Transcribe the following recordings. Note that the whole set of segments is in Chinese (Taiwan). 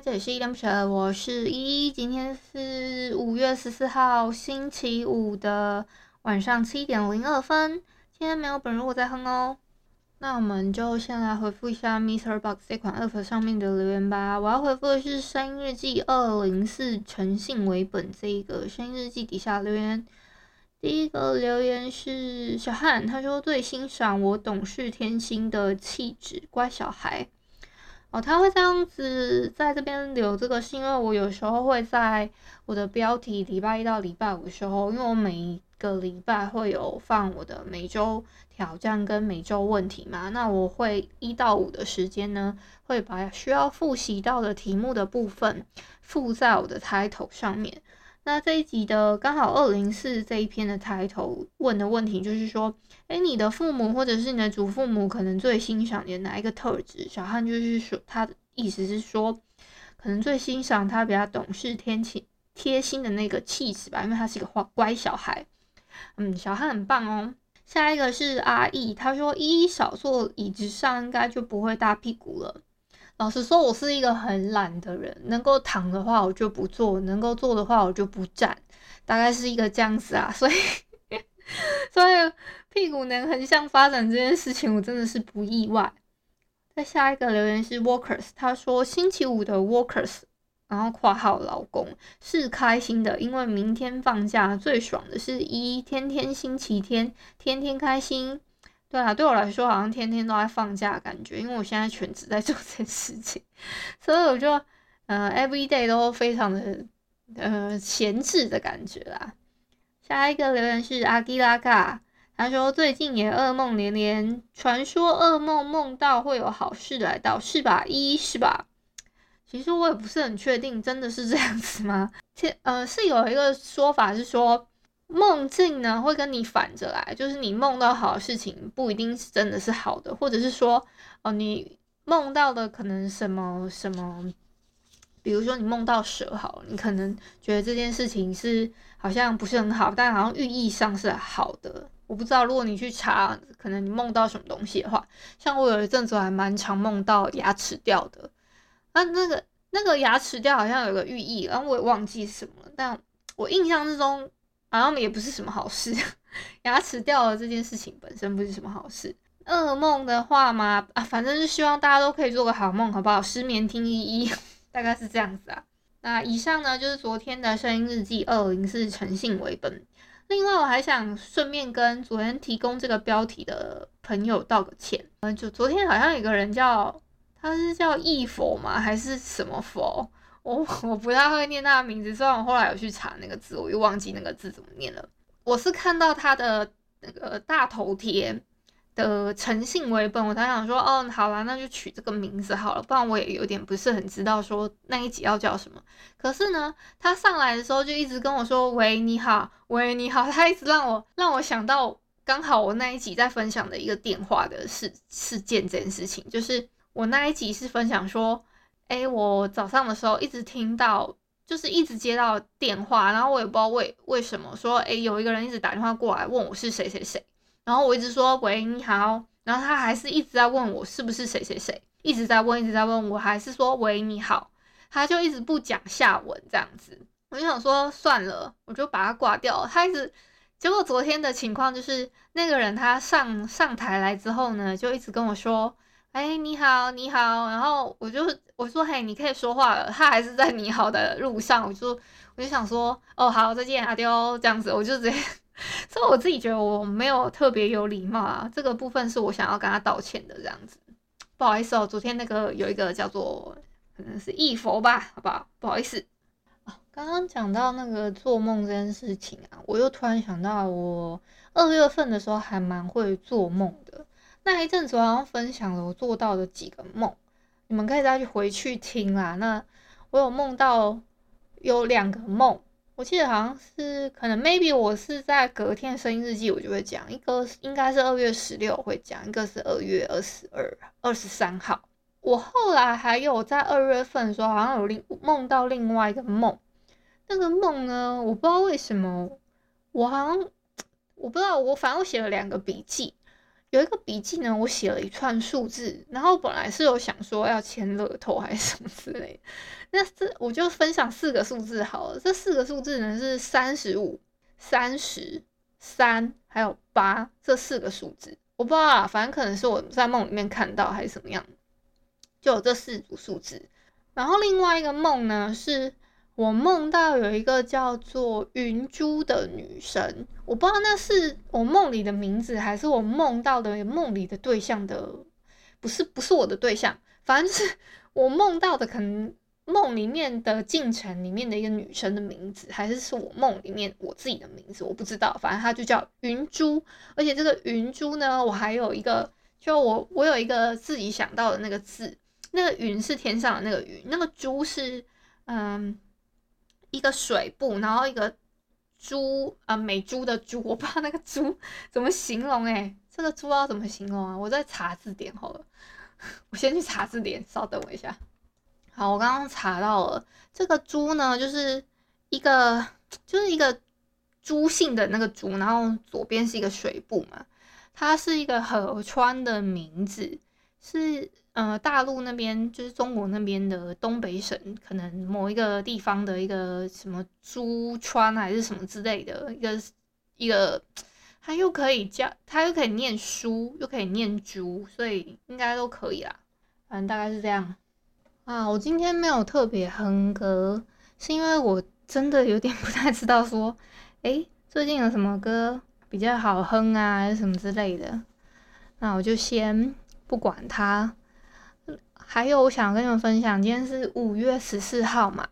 這裡是依依戀不捨，我是依依，今天是五月十四號星期五的晚上七點零二分。今天沒有本日我在哼哦，那我們就先來回復一下 MixerBox 這款 App 上面的留言吧。我要回復的是《聲音日記》二零四誠信為本這一個《聲音日記》底下留言。第一個留言是小漢，他說最欣賞我懂事天心的氣質，乖小孩。哦，他會這樣子在這邊留這個，是因為我有時候會在我的標題禮拜一到禮拜五的時候，因為我每一個禮拜會有放我的每周挑戰跟每周問題嘛，那我會一到五的時間呢，會把需要複習到的題目的部分附在我的 title 上面。那這一集的剛好二零四這一篇的抬頭問的問題就是說，哎、欸，你的父母或者是你的祖父母可能最欣賞你的哪一個特質？小漢就是說，他的意思是說，可能最欣賞他比較懂事、天氣貼心的那個氣質吧，因為他是一個乖乖小孩。嗯，小漢很棒哦。下一個是阿義，他說：“依依少坐椅子上，應該就不會大屁股了。”老實說，我是一個很懶的人，能夠躺的話我就不坐，能夠坐的話我就不站，大概是一個這樣子啊。所以， 所以屁股能橫向發展這件事情，我真的是不意外。再下一個留言是 Workers，他說星期五的 Workers，然後括號老公是開心的，因為明天放假，最爽的是一天天星期天，天天開心。對啊，對我來說好像天天都在放假感覺，因為我現在全職在做這件事情，所以我就，呃，every day 都非常的，呃，閒置的感覺啦。下一個留言是阿迪拉嘎，他說最近也噩夢連連，傳說噩夢夢到會有好事來到，是吧？一是吧？其實我也不是很確定，真的是這樣子嗎？其實，呃，是有一個說法是說。夢境呢會跟你反着來，就是你夢到好的事情不一定是真的是好的，或者是說哦，你夢到的可能什麼什麼，比如說你夢到蛇好，你可能覺得這件事情是好像不是很好，但好像寓意上是好的。我不知道如果你去查，可能你夢到什麼東西的話，像我有一陣子我還蠻常夢到牙齒掉的，那那個那個牙齒掉好像有個寓意，然後我也忘記什麼了，但我印象之中。好像也不是什麼好事，牙齒掉了這件事情本身不是什麼好事。噩夢的話嘛，啊，反正是希望大家都可以做個好夢，好不好？失眠聽依依大概是這樣子啊。那以上呢就是昨天的聲音日記，二零四是誠信為本。另外，我還想順便跟昨天提供這個標題的朋友道個歉。嗯，就昨天好像有個人叫他是叫易佛嗎，還是什麼佛？我我不太會念他的名字，雖然我後來有去查那個字，我又忘記那個字怎麼念了。我是看到他的那個大頭貼的誠信為本，我當時想說，嗯、哦，好啦，那就取這個名字好了，不然我也有點不是很知道說那一集要叫什麼。可是呢，他上來的時候就一直跟我說，喂，你好，喂，你好，他一直讓我讓我想到剛好我那一集在分享的一個電話的事事件，這件事情，就是我那一集是分享說。誒、欸，我早上的時候一直聽到，就是一直接到電話，然後我也不知道為為什麼說，誒、欸，有一個人一直打電話過來問我是誰誰誰，然後我一直說喂你好，然後他還是一直在問我是不是誰誰誰，一直在問，一直在問我，還是說喂你好，他就一直不講下文這樣子，我就想說算了，我就把他掛掉了。他一直，結果昨天的情況就是那個人他上上台來之後呢，就一直跟我說。哎、欸，你好，你好，然後我就我就說，嘿，你可以說話了，他還是在“你好”的路上，我就我就想說，哦，好，再見，阿丟，這樣子，我就直接， 所以我自己覺得我沒有特別有禮貌啊，這個部分是我想要跟他道歉的，這樣子，不好意思哦，昨天那個有一個叫做可能是易佛吧，好不好？不好意思。剛剛講到那個做夢這件事情啊，我又突然想到我二月份的時候還蠻會做夢的。那一陣子，我好像分享了我做到的幾個夢，你們可以再去回去聽啦。那我有夢到有兩個夢，我記得好像是可能，maybe 我是在隔天聲音日記，我就會講一個，應該是二月十六會講，一個是二月二十二、二十三號。我後來還有在二月份的時候好像有另夢到另外一個夢，那個夢呢，我不知道為什麼，我好像我不知道，我反正我寫了兩個筆記。有一個筆記呢，我寫了一串數字，然後本來是有想說要簽樂透還是什麼之類的，那這我就分享四個數字好了。這四個數字呢是三十五、三十、三還有八這四個數字，我不知道，啊，反正可能是我在夢裡面看到還是什麼樣，就有這四組數字。然後另外一個夢呢是。我夢到有一個叫做雲洙的女神，我不知道那是我夢裡的名字，還是我夢到的夢裡的對象的，不是不是我的對象，反正是我夢到的，可能夢裡面的進程裡面的一個女生的名字，還是是我夢裡面我自己的名字，我不知道，反正她就叫雲洙。而且這個雲洙呢，我還有一個，就我我有一個自己想到的那個字，那個雲是天上的那個雲，那個洙是嗯。一個水部，然後一個豬，啊、呃，美豬的豬，我不知道那個豬怎麼形容哎，這個豬要怎麼形容啊？我在查字典好了，我先去查字典，稍等我一下。好，我剛剛查到了，這個豬呢，就是一個就是一個朱姓的那個豬，然後左邊是一個水部嘛，它是一個河川的名字是。呃，大陸那邊就是中國那邊的東北省，可能某一個地方的一個什麼珠川還是什麼之類的，一個一個他又可以叫，他又可以念書，又可以念珠，所以應該都可以啦。反正大概是這樣啊。我今天沒有特別哼歌，是因為我真的有點不太知道說，誒，最近有什麼歌比較好哼啊，什麼之類的。那我就先不管它。還有，我想跟你們分享，今天是五月十四號嘛。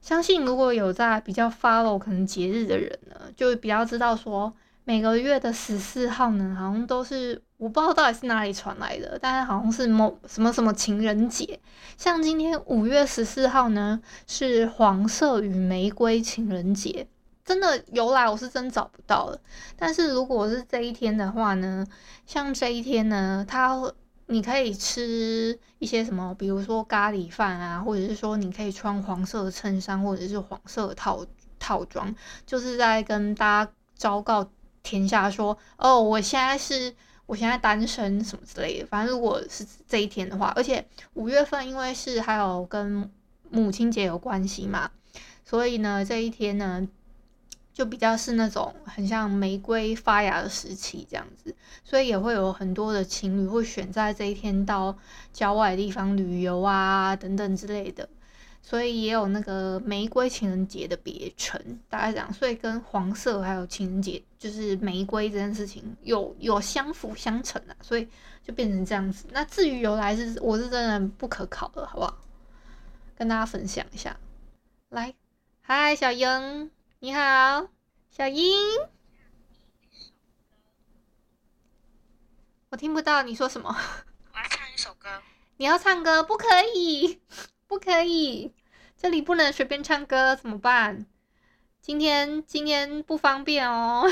相信如果有在比較 follow 可能節日的人呢，就比較知道說每個月的十四號呢，好像都是我不知道到底是哪裡傳來的，但是好像是某什麼什麼情人節。像今天五月十四號呢，是黃色與玫瑰情人節，真的由來我是真找不到了。但是如果是這一天的話呢，像這一天呢，它，你可以吃一些什麼，比如說咖喱飯啊，或者是說你可以穿黃色的襯衫或者是黃色套套裝，就是在跟大家昭告天下說，哦，我現在是，我現在單身什麼之類的。反正如果是這一天的話，而且五月份因為是還有跟母親節有關係嘛，所以呢，這一天呢。就比較是那種很像玫瑰發芽的時期這樣子，所以也會有很多的情侶會選在這一天到郊外的地方旅遊啊，等等之類的。所以也有那個玫瑰情人節的別稱，大概這樣，所以跟黃色還有情人節就是玫瑰這件事情有有相輔相成的，啊，所以就變成這樣子。那至於由來是，我是真的不可考的好不好？跟大家分享一下。來，嗨，小英。你好，小英，我聽不到你說什麼。我要唱一首歌。你要唱歌？不可以，不可以，這裡不能隨便唱歌，怎麼辦？今天今天不方便哦。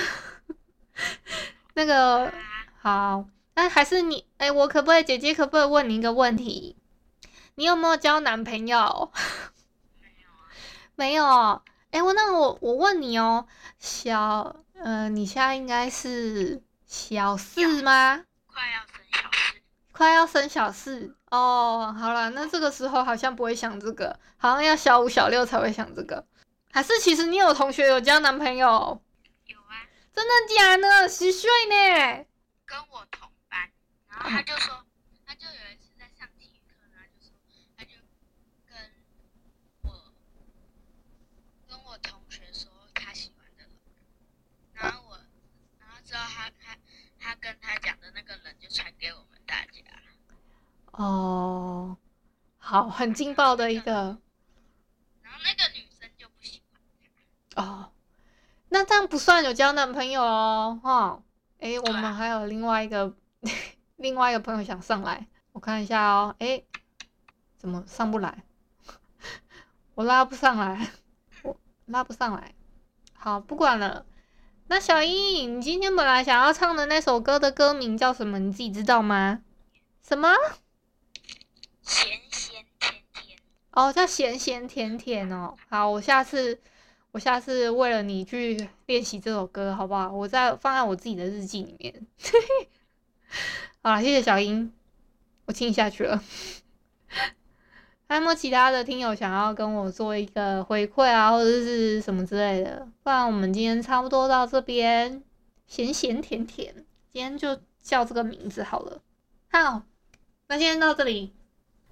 那個好，那還是你哎，欸，我可不可以，姐姐可不可以問你一個問題？你有沒有交男朋友？沒有啊，沒有。哎、欸，我那我我問你哦、喔，小，嗯、呃，你現在應該是小四嗎？快要升小四，快要升小四哦。好了，那這個時候好像不會想這個，好像要小五、小六才會想這個。還是其實你有同學有交男朋友？有啊，真的假的？十歲呢。跟我同班，然後他就說。啊跟他講的那個人就傳給我們大家哦，好，很勁爆的一個、那個。然後那個女生就不喜歡哦，那這樣不算有交男朋友哦，哦，哎、欸，我們還有另外一個、啊、 另外一個朋友想上來，我看一下哦，哎、欸，怎麼上不來？ 我拉不上來，我拉不上來，好，不管了。那小英，你今天本來想要唱的那首歌的歌名叫什麼？你自己知道嗎？什麼？鹹鹹甜甜哦，oh, 叫鹹鹹甜甜哦。好，我下次我下次為了你去練習這首歌，好不好？我再放在我自己的日記裡面。 好了，謝謝小英，我聽你下去了。 還有沒有其他的聽友想要跟我做一個回饋啊，或者是什麼之類的？不然我們今天差不多到這邊，鹹鹹甜甜，今天就叫這個名字好了。好，那今天到這裡。